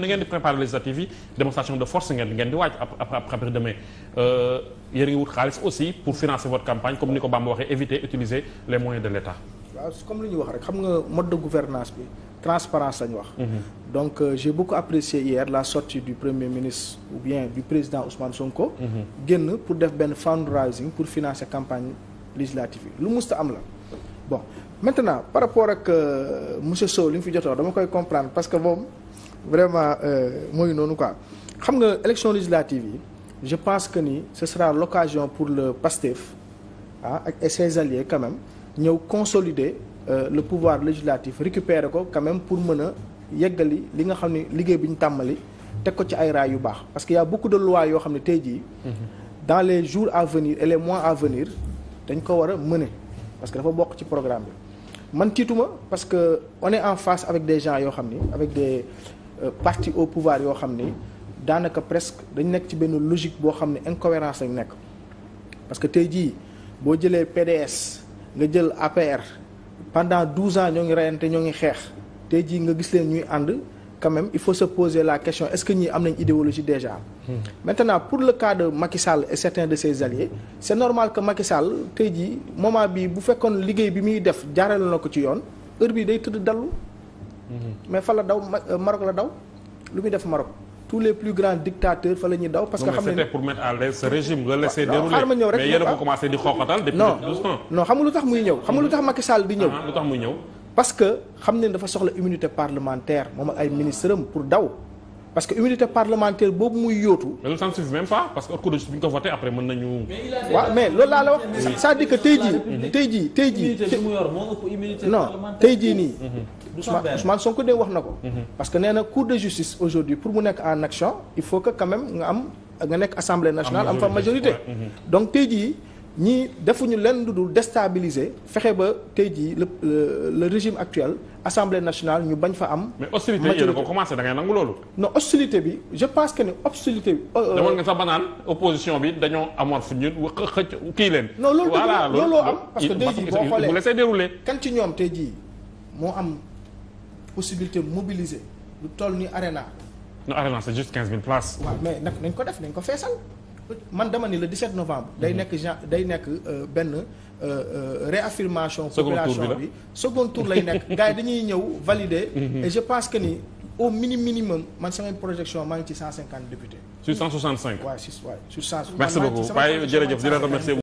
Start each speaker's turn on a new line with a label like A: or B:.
A: na ngeen di préparer législatives yi démonstration de force ngeen ngeen di waaj après après demain euh, yéen a ngi wut xaalis aussi pour financer votre campagne comme ni ko Bamba waxee éviter utiliser les moyens de l'
B: waaw comme li ñu wax rek xam nga mode de gouvernance bi transparence lañu wax. Mhm. donc euh, j'ai beaucoup apprécié hier la sortie du premier ministre ou bien du président Ousmane Sonko. Mhm. génn pour def benn fundraising pour financer campagne législative yi lu vraiment euh, mooy noonu quoi xam nga élection législative yi je pense que ni ce sera l'occasion pour le PASTEF ah ak ses alliés ñëw consolider euh, le pouvoir législatif récupérer ko quand pour mën a yeggali li nga xam ni liggéey bi ñu tàmbali teg ko ci ay raay yu baax parce que y a beaucoup yoo xam ne tey jii. Mm-hmm. dans les jours à venir et les mois à venir dañ ko war a mëne parce que dafa bokk ci programme bi man tiituma parce que on en face avec des yoo xam ni avec Euh, parti au pouvoir yoo xam ni daanaka presque dañ nekk ci benn logique boo xam ne incohérence lañ nekk parce que tey jii boo jëlee PDS nga jël APR pendant douze ans ñoo ngi reyante ñoo ngi xeex tey jii nga gis leen ñuy ànd quand même il faut se poser la question est-ce que ñii am nañ idéologie déjà hmm. maintenant pour le cas de Sall et certains de ses alliés c'est normal que Macky Sall tey jii moment bi bu fekkoon liggéey bi muy def jaarale na ko ci yoon heure Mhm. mais fa la daw euh, Maroc la daw lu muy def Maroc tous les plus grands dictateurs fa la ñuy daw. parce que xam nañ c'était
A: pour a ah. ko commencé di xooxatal xam
B: nga lu tax muy ñëw xam nga lu tax mhm. Macky Sall di ñëw. Ah, lu tax muy ñëw. parce que xam nañ dafa soxla immunité parlementaire moom ak ay ministre pour daw. parce que immunité parlementaire boobu muy yóotu.
A: mais loolu ko voté après laa
B: la wax. c'est-à-dire que tey jii. Mhm. tey jii tey jii immunité bi mu yor moo ëpp immunité mhm. wax na ko. Mhm. parce que nee na cour de justice aujourd'hui pour mu nekk en action il faut que quand nga am nga nekk assemblée nationale am fa majorité donc tey jii. ñii defuñu lenn lu dul déstabiliser fexe ba tey jii le le régime actuel assemblée nationale ñu bañ fa am. mais
A: hostilité yéen a ko commencé
B: da ngay nangu loolu. no hostilité bi je pense que ne hostilité bi. Euh, euh, demoon nga
A: sax ba opposition bi dañoo amoon fu ñu xëcc kii leen. non loolu dëgg looloo am parce que tey jii boo xoolee bu laissez dérouler.
B: kan ci ñoom tey jii moo am possibilité mobiliser lu toll ni arena.
A: non arena c'est juste quinze mille places. waaw
B: mais nag nañ ko def nañ ko feesal. man dama ni le 17 novembre. day mhm. nekk gen day nekk euh, benn euh, euh, réaffirmation. population bi second tour lay nekk gars yi dañuy ñëw valider. Mhm. et je pense que ni au mini minimum man samay projection maa ngi ci 150 députés.
A: sur 165. waaw
B: sur waaw sur 100. merci beaucoup waaye jërëjëf di la remercier.